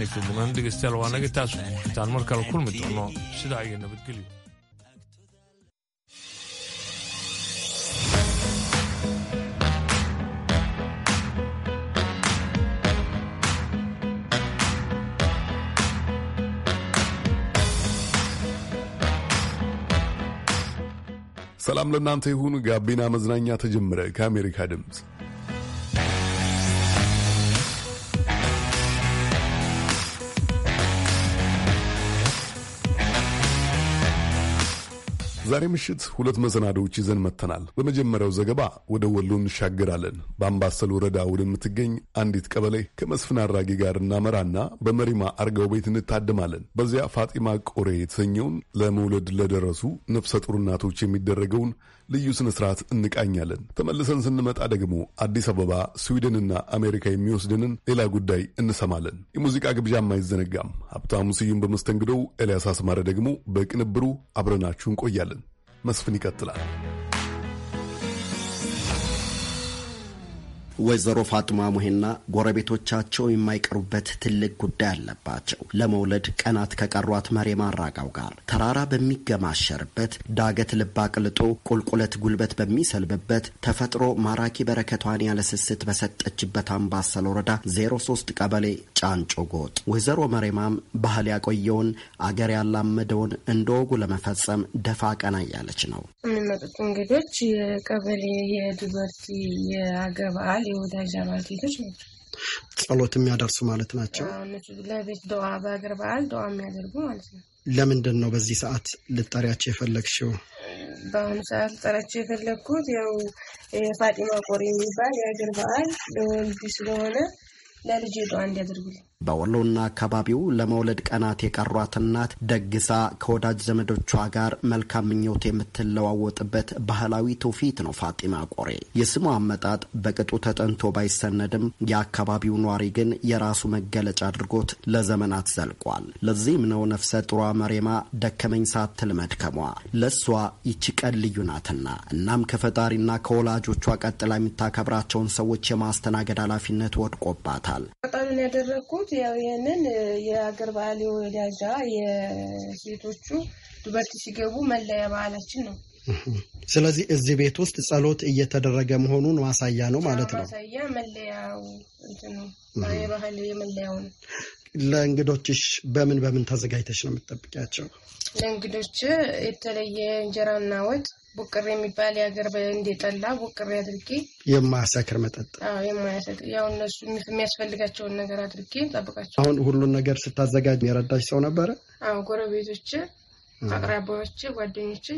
iyo mudan dhegeystayaal waa naga taas intaan mar kale kulmi doono sida iyo nabadgelyo ሰላም ለእናንተ ይሁን። ጋቢና መዝናኛ ተጀመረ። ከአሜሪካ ድምፅ ዛሬ ምሽት ሁለት መሰናዶዎች ይዘን መጥተናል። በመጀመሪያው ዘገባ ወደ ወሎ እንሻገራለን። በአምባሰል ወረዳ ወደምትገኝ አንዲት ቀበሌ ከመስፍን አራጌ ጋር እናመራና በመሪማ አርጋው ቤት እንታደማለን። በዚያ ፋጢማ ቆሬ የተሰኘውን ለመውለድ ለደረሱ ነፍሰ ጡር እናቶች የሚደረገውን ልዩ ስነ ስርዓት እንቃኛለን። ተመልሰን ስንመጣ ደግሞ አዲስ አበባ፣ ስዊድንና አሜሪካ የሚወስድንን ሌላ ጉዳይ እንሰማለን። የሙዚቃ ግብዣም አይዘነጋም። ሀብታሙ ስዩም በመስተንግዶው፣ ኤልያስ አስማረ ደግሞ በቅንብሩ አብረናችሁ እንቆያለን። መስፍን ይቀጥላል። ወይዘሮ ፋጡማ ሙሄና ጎረቤቶቻቸው የማይቀሩበት ትልቅ ጉዳይ አለባቸው። ለመውለድ ቀናት ከቀሯት መሬማ አራጋው ጋር ተራራ በሚገማሸርበት ዳገት ልብ አቅልጦ ቁልቁለት ጉልበት በሚሰልብበት ተፈጥሮ ማራኪ በረከቷን ያለስስት በሰጠችበት አምባሰል ወረዳ 03 ቀበሌ ጫንጮ ጎጥ ወይዘሮ መሬማም ባህል ያቆየውን አገር ያላመደውን እንደ ወጉ ለመፈጸም ደፋ ቀና እያለች ነው። የሚመጡት እንግዶች የቀበሌ የድበርቲ የአገባል የቃል የወዳጅ አባል ሴቶች ናቸው። ጸሎት የሚያደርሱ ማለት ናቸው። ለቤት ደዋ በሀገር በዓል ደዋ የሚያደርጉ ማለት ነው። ለምንድን ነው በዚህ ሰዓት ልጠሪያቸው የፈለግሽው? በአሁኑ ሰዓት ልጠሪያቸው የፈለግኩት ያው የፋጢማ ቆር የሚባል የሀገር በዓል ለወልዲ ስለሆነ ለልጅ ዱዓ እንዲያደርጉልኝ በወሎና አካባቢው ለመውለድ ቀናት የቀሯት እናት ደግሳ ከወዳጅ ዘመዶቿ ጋር መልካም ምኞት የምትለዋወጥበት ባህላዊ ትውፊት ነው። ፋጢማ ቆሬ የስሙ አመጣጥ በቅጡ ተጠንቶ ባይሰነድም የአካባቢው ኗሪ ግን የራሱ መገለጫ አድርጎት ለዘመናት ዘልቋል። ለዚህም ነው ነፍሰ ጥሯ መሬማ ደከመኝ ሳትል መድከሟ። ለእሷ ይቺ ቀን ልዩ ናትና እናም ከፈጣሪና ከወላጆቿ ቀጥላ የሚታከብራቸውን ሰዎች የማስተናገድ ኃላፊነት ወድቆባታል። ያደረግኩት ያው ይህንን የአገር ባህል የወዳጃ የሴቶቹ ዱበርት ሲገቡ መለያ በዓላችን ነው። ስለዚህ እዚህ ቤት ውስጥ ጸሎት እየተደረገ መሆኑን ማሳያ ነው ማለት ነው። ማሳያ መለያው ነው። የባህል የመለያው ነው። ለእንግዶችሽ በምን በምን ተዘጋጅተሽ ነው የምትጠብቂያቸው? ለእንግዶች የተለየ እንጀራና ወጥ ቡቅር የሚባል የሀገር እንዲጠላ ቡቅር አድርጌ የማያሰክር መጠጥ የማያሰክር ያው እነሱ የሚያስፈልጋቸውን ነገር አድርጌ ጠብቃቸው። አሁን ሁሉን ነገር ስታዘጋጅ የረዳሽ ሰው ነበረ? አዎ ጎረቤቶች፣ አቅራቢዎች፣ ጓደኞች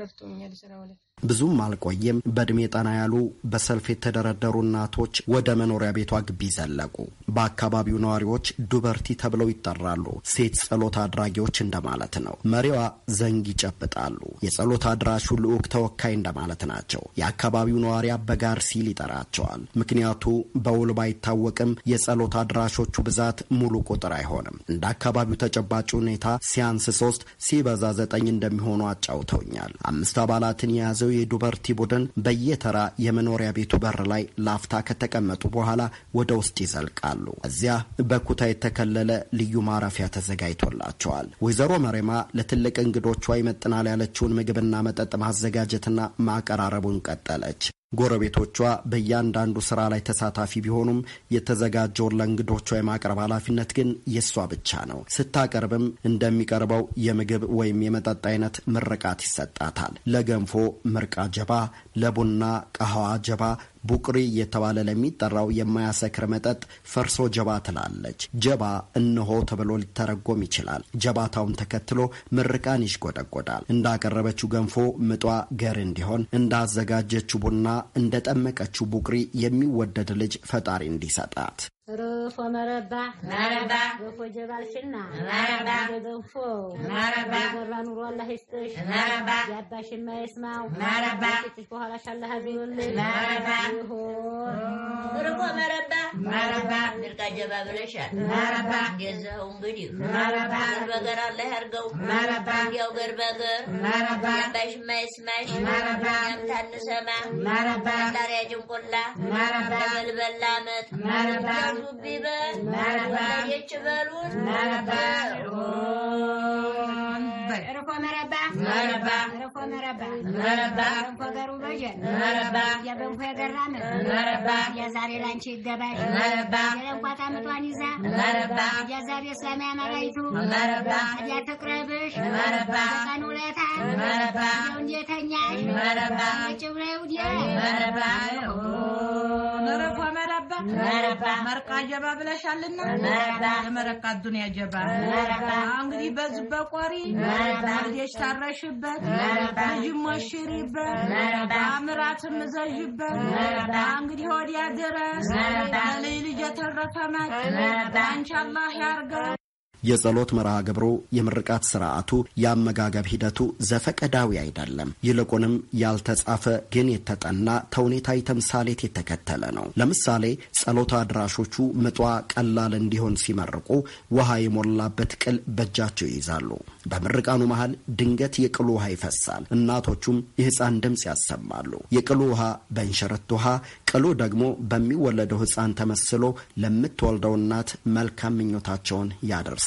ረድተውኛል ስራው ላይ ብዙም አልቆየም በእድሜ ጠና ያሉ በሰልፍ የተደረደሩ እናቶች ወደ መኖሪያ ቤቷ ግቢ ዘለቁ። በአካባቢው ነዋሪዎች ዱበርቲ ተብለው ይጠራሉ። ሴት ጸሎት አድራጊዎች እንደማለት ነው። መሪዋ ዘንግ ይጨብጣሉ። የጸሎት አድራሹ ልዑክ ተወካይ እንደማለት ናቸው። የአካባቢው ነዋሪ አበጋር ሲል ይጠራቸዋል። ምክንያቱ በውል ባይታወቅም የጸሎት አድራሾቹ ብዛት ሙሉ ቁጥር አይሆንም። እንደ አካባቢው ተጨባጭ ሁኔታ ሲያንስ ሶስት ሲበዛ ዘጠኝ እንደሚሆኑ አጫውተውኛል። አምስት አባላትን የያዘ የያዘው የዱበርቲ ቡድን በየተራ የመኖሪያ ቤቱ በር ላይ ላፍታ ከተቀመጡ በኋላ ወደ ውስጥ ይዘልቃሉ። እዚያ በኩታ የተከለለ ልዩ ማረፊያ ተዘጋጅቶላቸዋል። ወይዘሮ መሬማ ለትልቅ እንግዶቿ ይመጥናል ያለችውን ምግብና መጠጥ ማዘጋጀትና ማቀራረቡን ቀጠለች። ጎረቤቶቿ በእያንዳንዱ ስራ ላይ ተሳታፊ ቢሆኑም የተዘጋጀውን ለእንግዶቿ የማቅረብ ኃላፊነት ግን የእሷ ብቻ ነው። ስታቀርብም እንደሚቀርበው የምግብ ወይም የመጠጥ አይነት ምርቃት ይሰጣታል። ለገንፎ ምርቃ ጀባ፣ ለቡና ቀሃዋ ጀባ ቡቅሪ እየተባለ ለሚጠራው የማያሰክር መጠጥ ፈርሶ ጀባ ትላለች። ጀባ እነሆ ተብሎ ሊተረጎም ይችላል። ጀባታውን ተከትሎ ምርቃን ይሽጎደጎዳል እንዳቀረበችው ገንፎ ምጧ ገር እንዲሆን፣ እንዳዘጋጀችው ቡና፣ እንደጠመቀችው ቡቅሪ የሚወደድ ልጅ ፈጣሪ እንዲሰጣት رفو مربع مربع رفو جبال شنا مربع دفو مربع قران والله يستش مربع يباش ما يسمعوا مربع تشكو هلا شلها بيقول مربع رفو مربع መረባ ድርቅ አጀባ ብለሻል። መረባ እንደዚያው እንግዲህ መረባ በገር አለ ያርገው መረባ እንዲያው ገር በገር መረባ ያባሽ ማይስማሽ መረባ ያምታንሰማ መረባ ጣሪያ ጭንቆላ መረባ በልበላ አመት መረባ ሹቢ መረባ የች መረባ የዛሬ ላንቺ ይገባል። የለንኳት አመቷን ይዛ የዛሬ ሰማይ አማራይቱ ያተቅረብሽ ቀን ውለታ የውንዴተኛሽ ጭው ላይ ውዴ መረቆ መረባ መርቃ ጀባ ብለሻልና መረቃ ዱንያ ጀባ እንግዲህ በዚህ በቆሪ هر یه شر را شد برد، هر یه مشیری برد، دام نرات مزار جب برد، دام غری هر یاد የጸሎት መርሃ ግብሩ፣ የምርቃት ስርዓቱ፣ የአመጋገብ ሂደቱ ዘፈቀዳዊ አይደለም። ይልቁንም ያልተጻፈ ግን የተጠና ተውኔታዊ ተምሳሌት የተከተለ ነው። ለምሳሌ ጸሎት አድራሾቹ ምጧ ቀላል እንዲሆን ሲመርቁ ውሃ የሞላበት ቅል በእጃቸው ይይዛሉ። በምርቃኑ መሃል ድንገት የቅሉ ውሃ ይፈሳል። እናቶቹም የህፃን ድምፅ ያሰማሉ። የቅሉ ውሃ በእንሸረት ውሃ፣ ቅሉ ደግሞ በሚወለደው ህፃን ተመስሎ ለምትወልደው እናት መልካም ምኞታቸውን ያደርሳል።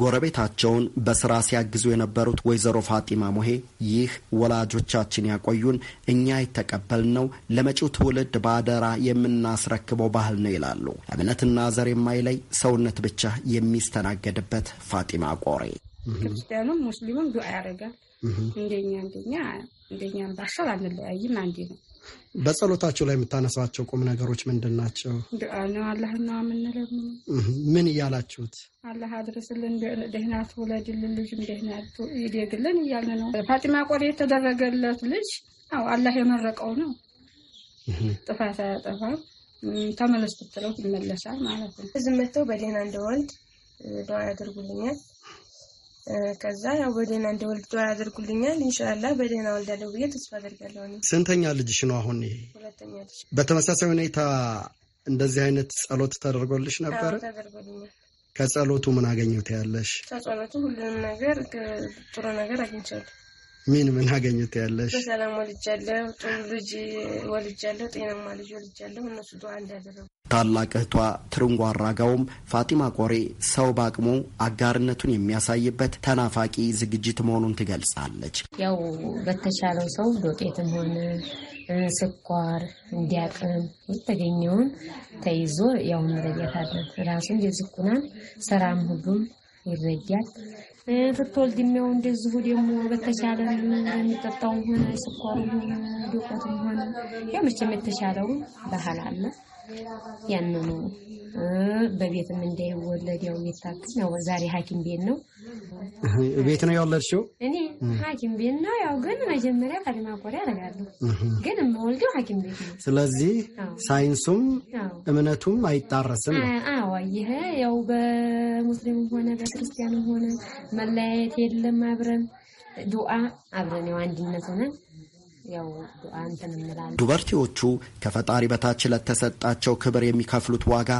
ጎረቤታቸውን በስራ ሲያግዙ የነበሩት ወይዘሮ ፋጢማ ሞሄ ይህ ወላጆቻችን ያቆዩን እኛ የተቀበልነው ለመጪው ትውልድ በአደራ የምናስረክበው ባህል ነው ይላሉ። እምነትና ዘር የማይለይ ሰውነት ብቻ የሚስተናገድበት ፋጢማ ቆሬ ክርስቲያኑም ሙስሊሙም ዱዓ ያደርጋል። እንደኛ እንደኛ እንደኛ ባሻል አንለያይም አንዴ ነው በጸሎታቸው ላይ የምታነሳቸው ቁም ነገሮች ምንድን ናቸው? ነው ምን እያላችሁት? አላህ አድርስልን፣ ደህና ትውለድልን፣ ልጅም ደህና ይደግልን እያልን ነው። ፋጢማ ቆሌ የተደረገለት ልጅ አዎ አላህ የመረቀው ነው። ጥፋት አያጠፋም። ተመለስ ብትለው ይመለሳል ማለት ነው። ዝም በደህና እንደወልድ ዱዓ ያደርጉልኛል። ከዛ ያው በደህና እንደወልድ ዱዓ ያደርጉልኛል። ኢንሻአላህ በደህና ወልዳለሁ ብዬ ተስፋ አደርጋለሁ። ስንተኛ ልጅሽ ነው አሁን? ይሄ ሁለተኛ ልጅ። በተመሳሳይ ሁኔታ እንደዚህ አይነት ጸሎት ተደርጎልሽ ነበር? ተደርጎልኛል። ከጸሎቱ ምን አገኘት ያለሽ? ከጸሎቱ ሁሉንም ነገር ጥሩ ነገር አግኝቻለሁ። ምን ምን አገኘት ያለሽ? በሰላም ወልጃለሁ። ጥሩ ልጅ ወልጃለሁ። ጤናማ ልጅ ወልጃለሁ። እነሱ ዱዓ እንዳደረጉ ታላቅ እህቷ ትርንጓ አራጋውም ፋጢማ ቆሬ ሰው በአቅሙ አጋርነቱን የሚያሳይበት ተናፋቂ ዝግጅት መሆኑን ትገልጻለች። ያው በተቻለው ሰው ዶቄትም ሆነ ስኳር እንዲያቅም የተገኘውን ተይዞ ያው እንረዳታለን። ራሱን የዝኩናን ስራም ሁሉም ይረዳል። ብትወልድ የሚያው እንደዚሁ ደግሞ በተሻለ የሚጠጣውም ሆነ ስኳሩም ሆነ ዱቄቱም ሆነ ያው መቼም የተሻለውን ባህል አለ ያመመው በቤትም እንዳይወለድ ያው እየታገዝ ነው። ዛሬ ሐኪም ቤት ነው ቤት ነው ያወለድሽው? እኔ ሐኪም ቤት ነው ያው ግን መጀመሪያ ቀድማ ቆዳ አደርጋለሁ ግን የምወልደው ሐኪም ቤት ነው። ስለዚህ ሳይንሱም እምነቱም አይጣረስም አዎ ይሄ ያው በሙስሊምም ሆነ በክርስቲያንም ሆነ መለያየት የለም። አብረን ዱዓ አብረን ያው አንድነት ሆነን ዱበርቲዎቹ ከፈጣሪ በታች ለተሰጣቸው ክብር የሚከፍሉት ዋጋ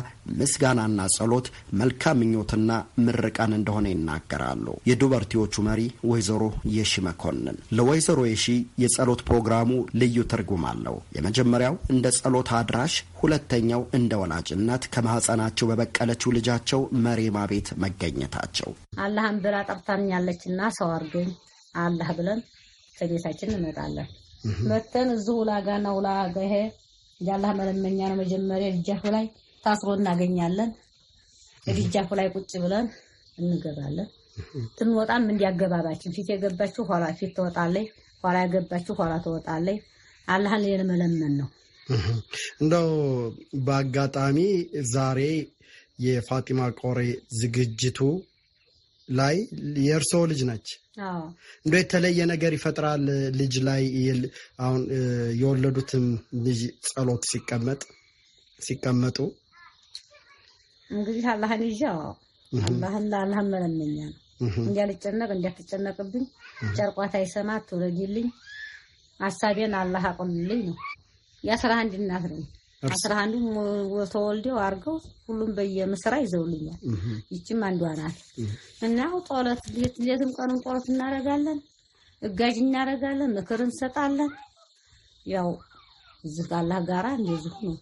ምስጋናና ጸሎት፣ መልካም ምኞትና ምርቃን እንደሆነ ይናገራሉ። የዱበርቲዎቹ መሪ ወይዘሮ የሺ መኮንን ለወይዘሮ የሺ የጸሎት ፕሮግራሙ ልዩ ትርጉም አለው። የመጀመሪያው እንደ ጸሎት አድራሽ፣ ሁለተኛው እንደ ወላጅነት ከማህፀናቸው በበቀለችው ልጃቸው መሬማ ቤት መገኘታቸው አላህን ብላ ጠርታኛለችና ሰው አርገኝ አላህ ብለን ከቤታችን እንመጣለን። መተን እዚሁ ላጋና ውላ ገሄ ያላህ መለመኛ ነው። መጀመሪያ ዲጃፉ ላይ ታስሮ እናገኛለን። ዲጃፉ ላይ ቁጭ ብለን እንገባለን። ትንወጣም እንዲያገባባችን ፊት የገባችሁ ኋላ ፊት ትወጣለች፣ ኋላ የገባችሁ ኋላ ትወጣለች። አላህን የመለመን ነው። እንደው በአጋጣሚ ዛሬ የፋጢማ ቆሬ ዝግጅቱ ላይ የእርሶ ልጅ ነች። እንደ የተለየ ነገር ይፈጥራል ልጅ ላይ አሁን የወለዱትም ልጅ ጸሎት ሲቀመጥ ሲቀመጡ እንግዲህ አላህን ይዤ አላህን ለአላህን መለመኛ ነው እንዲያልጨነቅ እንዲያትጨነቅብኝ ጨርቋታ አይሰማ ትውለጊልኝ አሳቤን አላህ አቁልልኝ ነው የአስራ አንድ እናት ነው። አስራ አንዱም ተወልደው አድርገው ሁሉም በየምስራ ይዘውልኛል። ይችም አንዷ ናት እና ጦለት ሌትም ቀኑን ጦለት እናደርጋለን፣ እጋጅ እናደርጋለን፣ ምክር እንሰጣለን። ያው እዚህ ካላህ ጋራ እንደዚሁ ነው።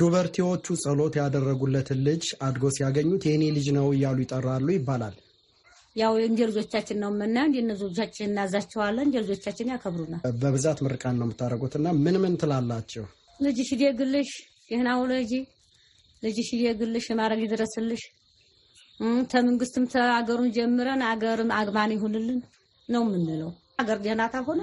ዱበርቲዎቹ ጸሎት ያደረጉለትን ልጅ አድጎ ሲያገኙት የእኔ ልጅ ነው እያሉ ይጠራሉ ይባላል። ያው እንደ ልጆቻችን ነው የምናየው። እንደ ልጆቻችን እናዛቸዋለን፣ እንደ ልጆቻችን ያከብሩናል። በብዛት ምርቃን ነው የምታደርጉትና ምን ምን ትላላቸው ልጅሽ ይደግልሽ፣ ደህና ውለጂ፣ ልጅሽ ይደግልሽ፣ የማረግ ይድረስልሽ። ተመንግስትም ተአገሩን ጀምረን አገርም አግማን ይሁንልን ነው የምንለው። አገር ደህና ካልሆነ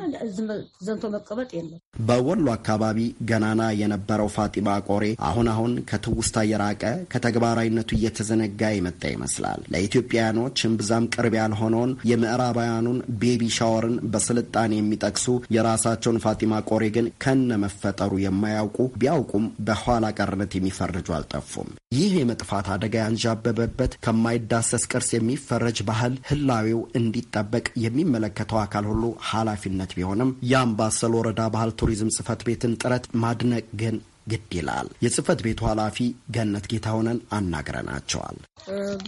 ዘንቶ መቀመጥ የለም። በወሎ አካባቢ ገናና የነበረው ፋጢማ ቆሬ አሁን አሁን ከትውስታ የራቀ ከተግባራዊነቱ እየተዘነጋ የመጣ ይመስላል። ለኢትዮጵያውያኖች እምብዛም ቅርብ ያልሆነውን የምዕራባውያኑን ቤቢ ሻወርን በስልጣኔ የሚጠቅሱ የራሳቸውን ፋጢማ ቆሬ ግን ከነ መፈጠሩ የማያውቁ ቢያውቁም በኋላ ቀርነት የሚፈርጁ አልጠፉም። ይህ የመጥፋት አደጋ ያንዣበበበት ከማይዳሰስ ቅርስ የሚፈረጅ ባህል ህላዌው እንዲጠበቅ የሚመለከተው አካል ሁሉ ሁሉ ኃላፊነት ቢሆንም የአምባሰል ወረዳ ባህል ቱሪዝም ጽህፈት ቤትን ጥረት ማድነቅ ግን ግድ ይላል። የጽህፈት ቤቱ ኃላፊ ገነት ጌታሁንን አናግረናቸዋል።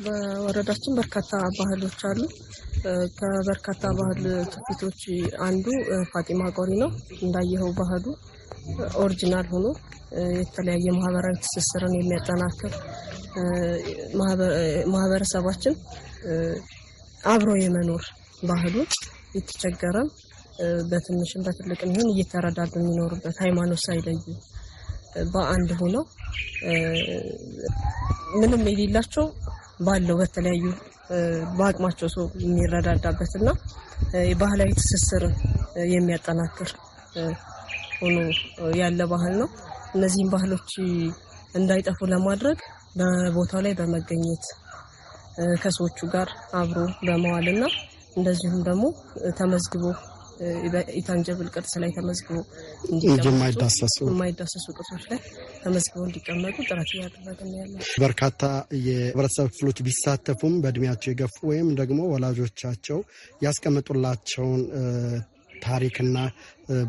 በወረዳችን በርካታ ባህሎች አሉ። ከበርካታ ባህል ትውፊቶች አንዱ ፋጢማ ቆሪ ነው። እንዳየኸው ባህሉ ኦሪጂናል ሆኖ የተለያየ ማህበራዊ ትስስርን የሚያጠናክር ማህበረሰባችን አብሮ የመኖር ባህሉን የተቸገረም በትንሽም በትልቅም ይሁን እየተረዳዱ የሚኖሩበት ሃይማኖት ሳይለዩ በአንድ ሆነው ምንም የሌላቸው ባለው በተለያዩ በአቅማቸው ሰው የሚረዳዳበት እና የባህላዊ ትስስርን የሚያጠናክር ሆኖ ያለ ባህል ነው። እነዚህም ባህሎች እንዳይጠፉ ለማድረግ በቦታው ላይ በመገኘት ከሰዎቹ ጋር አብሮ በመዋል እና እንደዚሁም ደግሞ ተመዝግቦ ኢታንጀብል ቅርስ ላይ ተመዝግቦ የማይዳሰሱ ቅርሶች ላይ ተመዝግቦ እንዲቀመጡ ጥረት እያደረግን ያለ በርካታ የህብረተሰብ ክፍሎች ቢሳተፉም በእድሜያቸው የገፉ ወይም ደግሞ ወላጆቻቸው ያስቀመጡላቸውን ታሪክና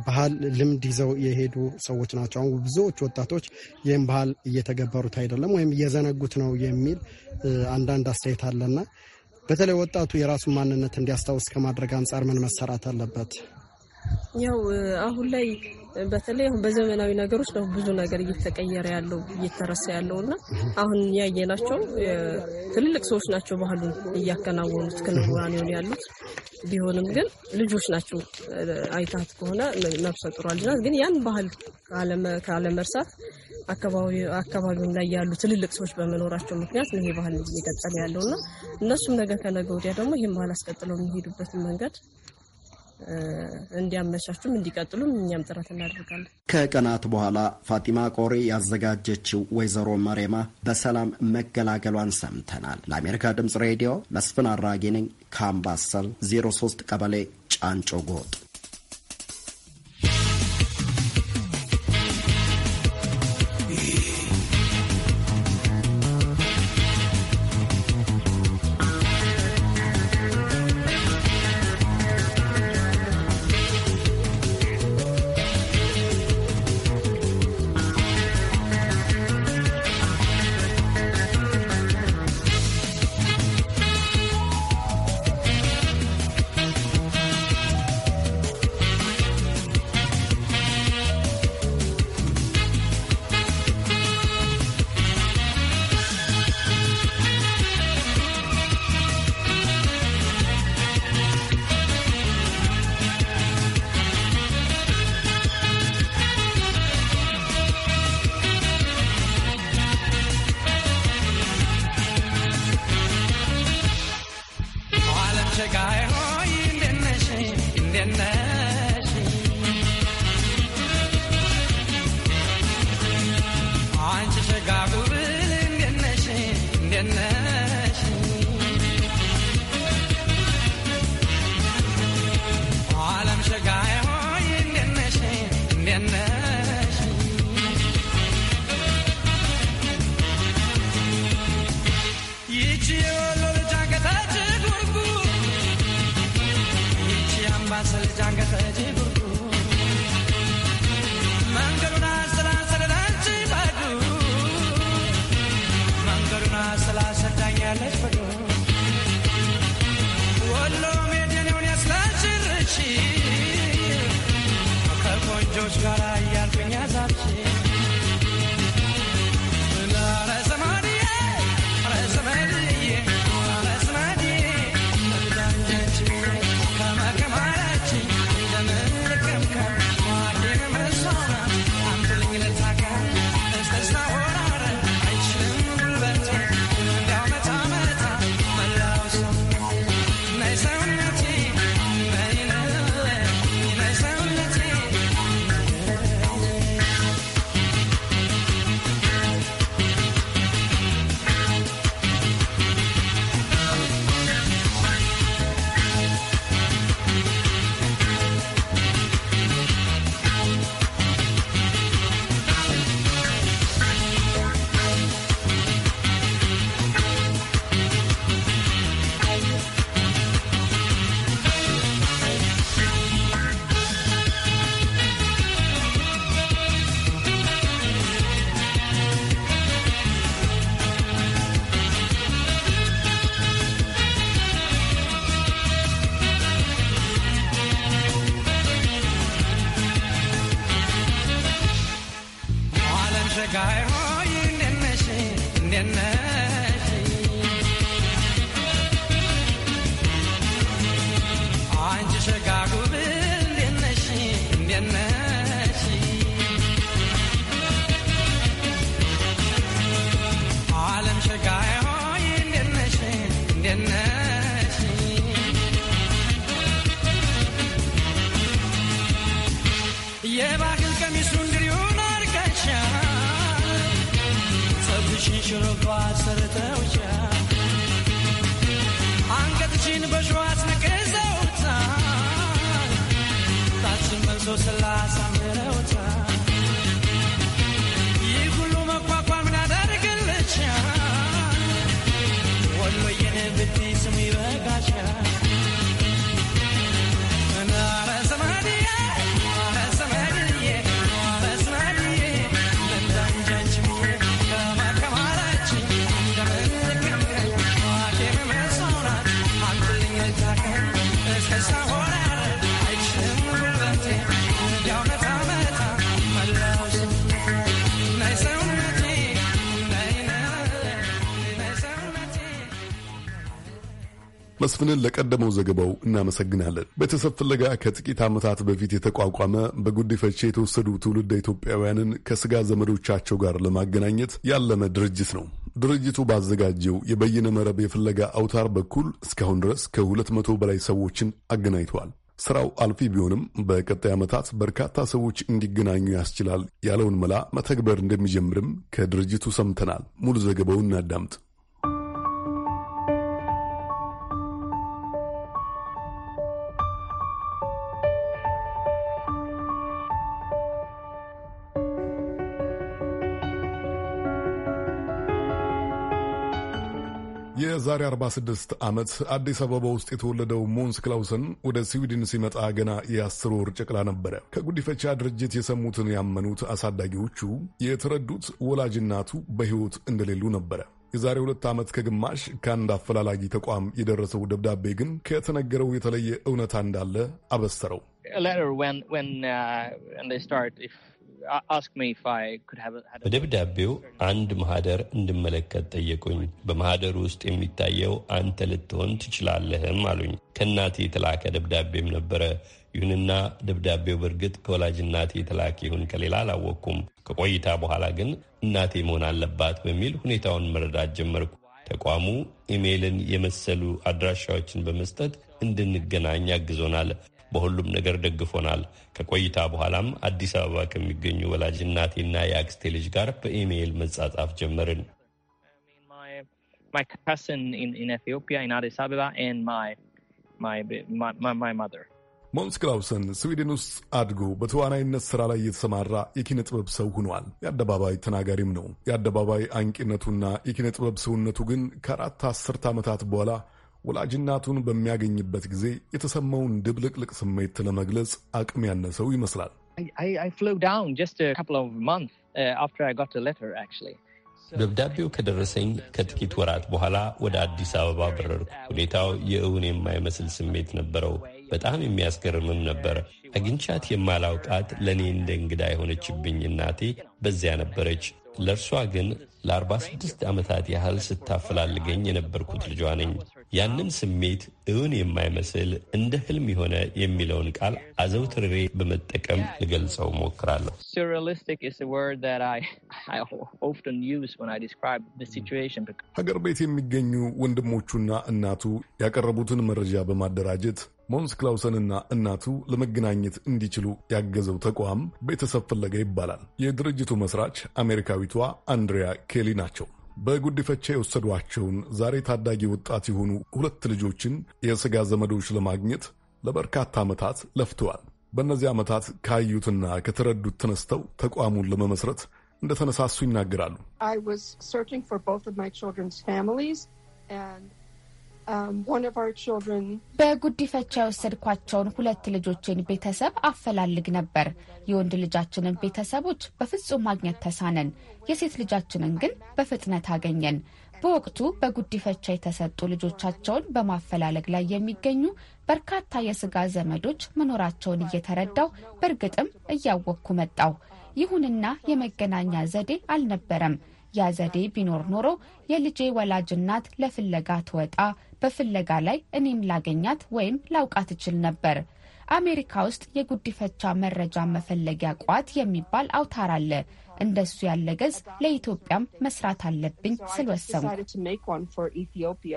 ባህል ልምድ ይዘው የሄዱ ሰዎች ናቸው። አሁን ብዙዎች ወጣቶች ይህም ባህል እየተገበሩት አይደለም ወይም እየዘነጉት ነው የሚል አንዳንድ አስተያየት አለና በተለይ ወጣቱ የራሱን ማንነት እንዲያስታውስ ከማድረግ አንጻር ምን መሰራት አለበት? ያው አሁን ላይ በተለይ አሁን በዘመናዊ ነገሮች ነው ብዙ ነገር እየተቀየረ ያለው እየተረሳ ያለው እና አሁን ያየናቸው ትልልቅ ሰዎች ናቸው ባህሉን እያከናወኑት ክንዋኔውን ያሉት ቢሆንም ግን ልጆች ናቸው። አይታት ከሆነ ነብሰ ልጅ ናት። ግን ያን ባህል ካለመርሳት አካባቢውን ላይ ያሉ ትልልቅ ሰዎች በመኖራቸው ምክንያት ነው ይሄ ባህል እየቀጠለ ያለው እና እነሱም ነገር ከነገ ወዲያ ደግሞ ይህን ባህል አስቀጥለው የሚሄዱበትን መንገድ እንዲያመቻቹም እንዲቀጥሉም እኛም ጥረት እናደርጋለን። ከቀናት በኋላ ፋጢማ ቆሬ ያዘጋጀችው ወይዘሮ መሬማ በሰላም መገላገሏን ሰምተናል። ለአሜሪካ ድምጽ ሬዲዮ መስፍን አራጌ ነኝ ከአምባሰል 03 ቀበሌ ጫንጮ ጎጥ I'm She'll go out to the እሱን መልሶ ስላሳምረውታ ይህ ሁሉ መቋቋም ናደርግልቻ ወሎዬን ብቲ ስሙ ይበጋሻ That's how መስፍንን ለቀደመው ዘገባው እናመሰግናለን። ቤተሰብ ፍለጋ ከጥቂት ዓመታት በፊት የተቋቋመ በጉዲፈቻ የተወሰዱ ትውልድ ኢትዮጵያውያንን ከስጋ ዘመዶቻቸው ጋር ለማገናኘት ያለመ ድርጅት ነው። ድርጅቱ ባዘጋጀው የበይነ መረብ የፍለጋ አውታር በኩል እስካሁን ድረስ ከሁለት መቶ በላይ ሰዎችን አገናኝተዋል። ስራው አልፊ ቢሆንም በቀጣይ ዓመታት በርካታ ሰዎች እንዲገናኙ ያስችላል ያለውን መላ መተግበር እንደሚጀምርም ከድርጅቱ ሰምተናል። ሙሉ ዘገባውን እናዳምጥ። የዛሬ 46 ዓመት አዲስ አበባ ውስጥ የተወለደው ሞንስ ክላውሰን ወደ ስዊድን ሲመጣ ገና የአስር ወር ጨቅላ ነበረ። ከጉዲፈቻ ድርጅት የሰሙትን ያመኑት አሳዳጊዎቹ የተረዱት ወላጅናቱ በሕይወት እንደሌሉ ነበረ። የዛሬ ሁለት ዓመት ከግማሽ ከአንድ አፈላላጊ ተቋም የደረሰው ደብዳቤ ግን ከተነገረው የተለየ እውነታ እንዳለ አበሰረው። በደብዳቤው አንድ ማህደር እንድመለከት ጠየቁኝ። በማህደሩ ውስጥ የሚታየው አንተ ልትሆን ትችላለህም አሉኝ። ከእናቴ የተላከ ደብዳቤም ነበረ። ይሁንና ደብዳቤው በእርግጥ ከወላጅ እናቴ የተላከ ይሁን ከሌላ አላወቅኩም። ከቆይታ በኋላ ግን እናቴ መሆን አለባት በሚል ሁኔታውን መረዳት ጀመርኩ። ተቋሙ ኢሜይልን የመሰሉ አድራሻዎችን በመስጠት እንድንገናኝ አግዞናል። በሁሉም ነገር ደግፎናል። ከቆይታ በኋላም አዲስ አበባ ከሚገኙ ወላጅ እናቴና የአክስቴ ልጅ ጋር በኢሜይል መጻጻፍ ጀመርን። ሞንስ ክላውሰን ስዊድን ውስጥ አድጎ በተዋናይነት ስራ ላይ የተሰማራ የኪነ ጥበብ ሰው ሆኗል። የአደባባይ ተናጋሪም ነው። የአደባባይ አንቂነቱና የኪነ ጥበብ ሰውነቱ ግን ከአራት አስርት ዓመታት በኋላ ወላጅናቱን በሚያገኝበት ጊዜ የተሰማውን ድብልቅልቅ ስሜት ለመግለጽ አቅም ያነሰው ይመስላል። uh, ደብዳቤው ከደረሰኝ ከጥቂት ወራት በኋላ ወደ አዲስ አበባ በረርኩ። ሁኔታው የእውን የማይመስል ስሜት ነበረው። በጣም የሚያስገርምም ነበር። አግኝቻት የማላውቃት ለእኔ እንደ እንግዳ የሆነችብኝ እናቴ በዚያ ነበረች። ለእርሷ ግን ለ46 ዓመታት ያህል ስታፈላልገኝ የነበርኩት ልጇ ነኝ። ያንን ስሜት እውን የማይመስል እንደ ህልም የሆነ የሚለውን ቃል አዘውትሬ በመጠቀም ልገልጸው ሞክራለሁ። ሀገር ቤት የሚገኙ ወንድሞቹና እናቱ ያቀረቡትን መረጃ በማደራጀት ሞንስ ክላውሰንና እናቱ ለመገናኘት እንዲችሉ ያገዘው ተቋም ቤተሰብ ፍለጋ ይባላል። የድርጅቱ መስራች አሜሪካዊቷ አንድሪያ ኬሊ ናቸው። በጉድፈቻ የወሰዷቸውን ዛሬ ታዳጊ ወጣት የሆኑ ሁለት ልጆችን የሥጋ ዘመዶች ለማግኘት ለበርካታ ዓመታት ለፍተዋል። በእነዚህ ዓመታት ካዩትና ከተረዱት ተነስተው ተቋሙን ለመመስረት እንደተነሳሱ ይናገራሉ። Um, በጉዲፈቻ የወሰድኳቸውን ሁለት ልጆችን ቤተሰብ አፈላልግ ነበር። የወንድ ልጃችንን ቤተሰቦች በፍጹም ማግኘት ተሳነን። የሴት ልጃችንን ግን በፍጥነት አገኘን። በወቅቱ በጉዲፈቻ የተሰጡ ልጆቻቸውን በማፈላለግ ላይ የሚገኙ በርካታ የስጋ ዘመዶች መኖራቸውን እየተረዳው በእርግጥም እያወቅኩ መጣው። ይሁንና የመገናኛ ዘዴ አልነበረም። ያ ዘዴ ቢኖር ኖሮ የልጄ ወላጅ እናት ለፍለጋ ትወጣ፣ በፍለጋ ላይ እኔም ላገኛት ወይም ላውቃት እችል ነበር። አሜሪካ ውስጥ የጉዲፈቻ መረጃ መፈለጊያ ቋት የሚባል አውታር አለ። እንደሱ ያለ ገጽ ለኢትዮጵያም መስራት አለብኝ ስል ኢትዮጵያ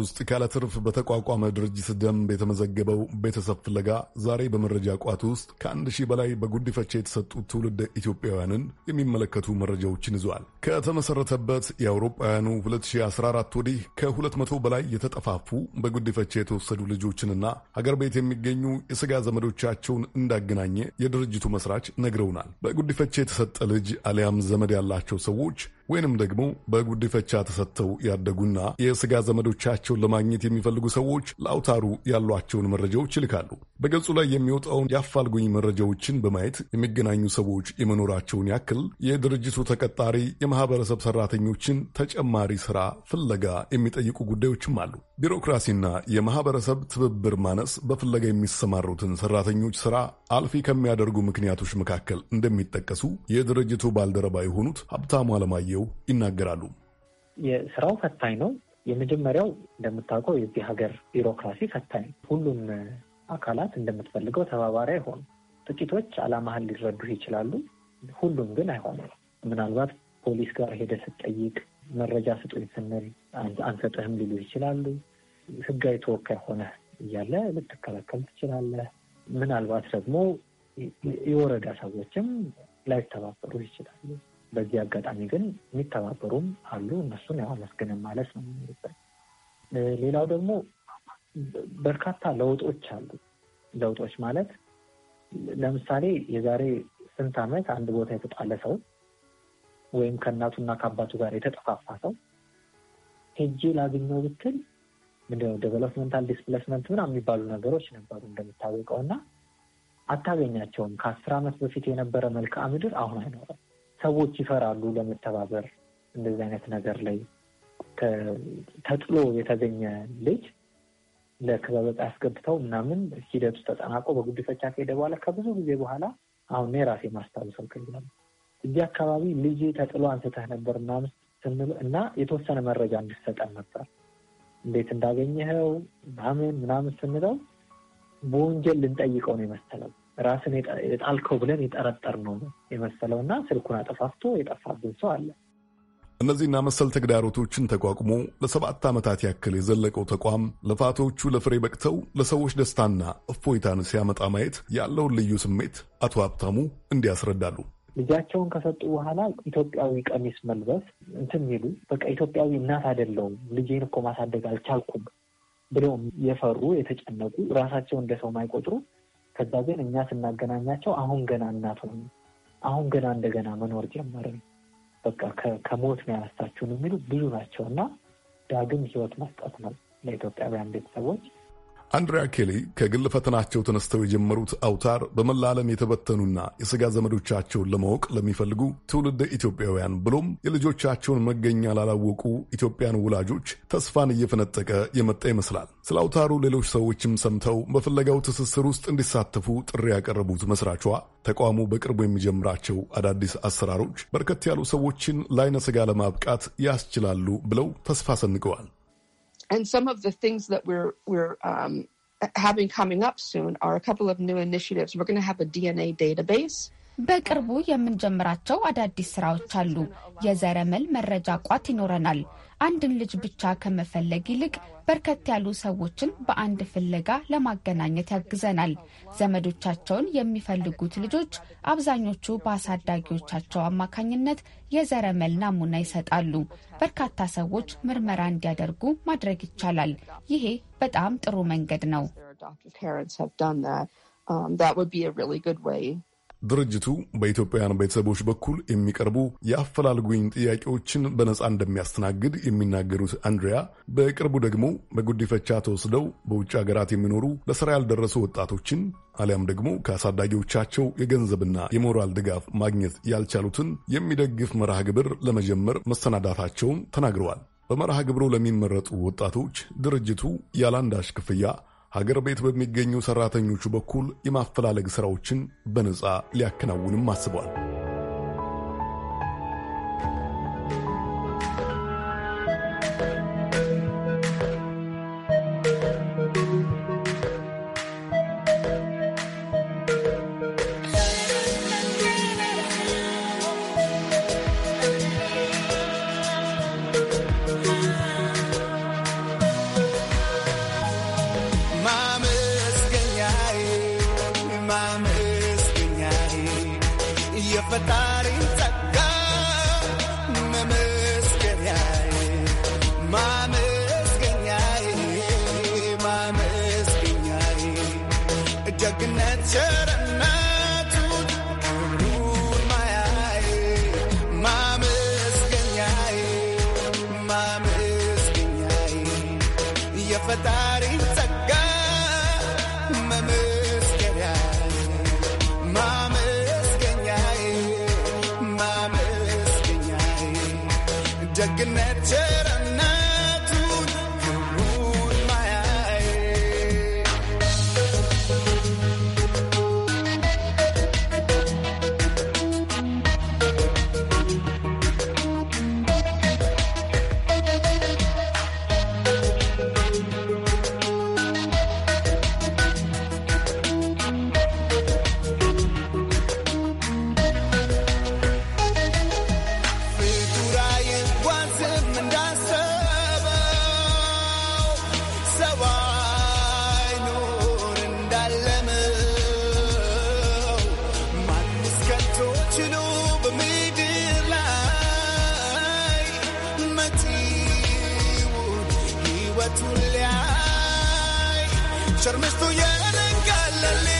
ውስጥ ካለትርፍ በተቋቋመ ድርጅት ደንብ የተመዘገበው ቤተሰብ ፍለጋ ዛሬ በመረጃ ቋት ውስጥ ከአንድ ሺህ በላይ በጉዲፈቻ የተሰጡ ትውልድ ኢትዮጵያውያንን የሚመለከቱ መረጃዎችን ይዟል። ከተመሰረተበት የአውሮፓውያኑ 2014 ወዲህ ከ200 በላይ የተጠፋፉ በጉዲፈቻ የተወሰዱ ልጆችንና ሀገር ቤት የሚገኙ የስጋ ዘመዶቻቸውን እንዳገናኘ የድርጅቱ መስራች ነግረውናል። በጉዲፈቻ የተሰጠ ልጅ አሊያም ዘመድ ያላቸው ሰዎች ወይንም ደግሞ በጉድፈቻ ተሰጥተው ያደጉና የስጋ ዘመዶቻቸውን ለማግኘት የሚፈልጉ ሰዎች ለአውታሩ ያሏቸውን መረጃዎች ይልካሉ። በገጹ ላይ የሚወጣውን የአፋልጉኝ መረጃዎችን በማየት የሚገናኙ ሰዎች የመኖራቸውን ያክል የድርጅቱ ተቀጣሪ የማህበረሰብ ሰራተኞችን ተጨማሪ ስራ ፍለጋ የሚጠይቁ ጉዳዮችም አሉ። ቢሮክራሲና የማህበረሰብ ትብብር ማነስ በፍለጋ የሚሰማሩትን ሰራተኞች ስራ አልፊ ከሚያደርጉ ምክንያቶች መካከል እንደሚጠቀሱ የድርጅቱ ባልደረባ የሆኑት ሀብታሙ አለማየ እንደቆየው ይናገራሉ። የስራው ፈታኝ ነው። የመጀመሪያው እንደምታውቀው የዚህ ሀገር ቢሮክራሲ ፈታኝ፣ ሁሉም አካላት እንደምትፈልገው ተባባሪ አይሆኑ። ጥቂቶች አላማህን ሊረዱህ ይችላሉ፣ ሁሉም ግን አይሆኑም። ምናልባት ፖሊስ ጋር ሄደህ ስትጠይቅ መረጃ ስጡኝ ስንል አንሰጥህም ሊሉ ይችላሉ። ህጋዊ ተወካይ ሆነህ እያለ ልትከለከል ትችላለህ። ምናልባት ደግሞ የወረዳ ሰዎችም ላይተባበሩ ይችላሉ። በዚህ አጋጣሚ ግን የሚተባበሩም አሉ። እነሱን ያው አመስግንም ማለት ነው። ሌላው ደግሞ በርካታ ለውጦች አሉ። ለውጦች ማለት ለምሳሌ የዛሬ ስንት ዓመት አንድ ቦታ የተጣለ ሰው ወይም ከእናቱና ከአባቱ ጋር የተጠፋፋ ሰው ሄጄ ላግኘው ብትል ምንድነው ዴቨሎፕመንታል ዲስፕሌስመንት ምናምን የሚባሉ ነገሮች ነበሩ እንደምታወቀው እና አታገኛቸውም። ከአስር ዓመት በፊት የነበረ መልክዓ ምድር አሁን አይኖረም። ሰዎች ይፈራሉ ለመተባበር። እንደዚህ አይነት ነገር ላይ ተጥሎ የተገኘ ልጅ ለክበብ ያስገብተው ምናምን ሂደቱ ተጠናቆ በጉድፈቻ ከሄደ በኋላ ከብዙ ጊዜ በኋላ አሁን የራሴ ራሴ ማስታውሰው ክልል እዚህ አካባቢ ልጅ ተጥሎ አንስተህ ነበር ምናምን ስንል እና የተወሰነ መረጃ እንድሰጠን ነበር እንዴት እንዳገኘኸው ምናምን ምናምን ስንለው በወንጀል ልንጠይቀው ነው የመሰለው ራስን የጣልከው ብለን የጠረጠር ነው የመሰለውና ስልኩን አጠፋፍቶ የጠፋብን ሰው አለ። እነዚህና መሰል ተግዳሮቶችን ተቋቁሞ ለሰባት ዓመታት ያክል የዘለቀው ተቋም ልፋቶቹ ለፍሬ በቅተው ለሰዎች ደስታና እፎይታን ሲያመጣ ማየት ያለውን ልዩ ስሜት አቶ ሀብታሙ እንዲያስረዳሉ። ልጃቸውን ከሰጡ በኋላ ኢትዮጵያዊ ቀሚስ መልበስ እንትን ሚሉ በቃ ኢትዮጵያዊ እናት አይደለውም ልጄን እኮ ማሳደግ አልቻልኩም ብለው የፈሩ የተጨነቁ ራሳቸውን እንደ ሰው ማይቆጥሩ ከዛ ግን እኛ ስናገናኛቸው አሁን ገና እናት አሁን ገና እንደገና መኖር ጀመርን፣ በቃ ከሞት ነው ያነሳችሁን የሚሉ ብዙ ናቸው። እና ዳግም ህይወት መስጠት ነው ለኢትዮጵያውያን ቤተሰቦች አንድሪያ ኬሊ ከግል ፈተናቸው ተነስተው የጀመሩት አውታር በመላ ዓለም የተበተኑና የሥጋ ዘመዶቻቸውን ለማወቅ ለሚፈልጉ ትውልደ ኢትዮጵያውያን ብሎም የልጆቻቸውን መገኛ ላላወቁ ኢትዮጵያን ወላጆች ተስፋን እየፈነጠቀ የመጣ ይመስላል። ስለ አውታሩ ሌሎች ሰዎችም ሰምተው በፍለጋው ትስስር ውስጥ እንዲሳተፉ ጥሪ ያቀረቡት መስራቿ ተቋሙ በቅርቡ የሚጀምራቸው አዳዲስ አሰራሮች በርከት ያሉ ሰዎችን ለአይነ ሥጋ ለማብቃት ያስችላሉ ብለው ተስፋ ሰንቀዋል። and some of the things that we're we're um, having coming up soon are a couple of new initiatives. We're going to have a DNA database. በቅርቡ የምንጀምራቸው አዳዲስ ስራዎች አሉ። የዘረመል መረጃ ቋት ይኖረናል። አንድን ልጅ ብቻ ከመፈለግ ይልቅ በርከት ያሉ ሰዎችን በአንድ ፍለጋ ለማገናኘት ያግዘናል። ዘመዶቻቸውን የሚፈልጉት ልጆች አብዛኞቹ በአሳዳጊዎቻቸው አማካኝነት የዘረመል ናሙና ይሰጣሉ። በርካታ ሰዎች ምርመራ እንዲያደርጉ ማድረግ ይቻላል። ይሄ በጣም ጥሩ መንገድ ነው። ድርጅቱ በኢትዮጵያውያን ቤተሰቦች በኩል የሚቀርቡ የአፈላልጉኝ ጥያቄዎችን በነጻ እንደሚያስተናግድ የሚናገሩት አንድሪያ በቅርቡ ደግሞ በጉዲፈቻ ተወስደው በውጭ ሀገራት የሚኖሩ ለስራ ያልደረሱ ወጣቶችን አሊያም ደግሞ ከአሳዳጊዎቻቸው የገንዘብና የሞራል ድጋፍ ማግኘት ያልቻሉትን የሚደግፍ መርሃ ግብር ለመጀመር መሰናዳታቸውን ተናግረዋል። በመርሃ ግብሩ ለሚመረጡ ወጣቶች ድርጅቱ ያለአንዳች ክፍያ ሀገር ቤት በሚገኙ ሰራተኞቹ በኩል የማፈላለግ ሥራዎችን በነጻ ሊያከናውንም አስቧል። marcharme estoy en galería.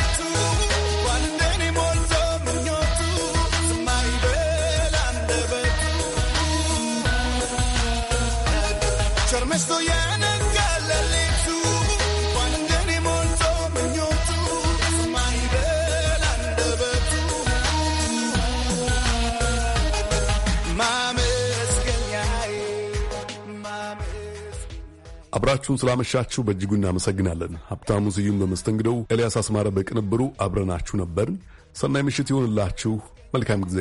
አብራችሁን ስላመሻችሁ በእጅጉ እናመሰግናለን። ሀብታሙ ስዩም በመስተንግደው፣ ኤልያስ አስማረ በቅንብሩ አብረናችሁ ነበርን። ሰናይ ምሽት ይሆንላችሁ። መልካም ጊዜ።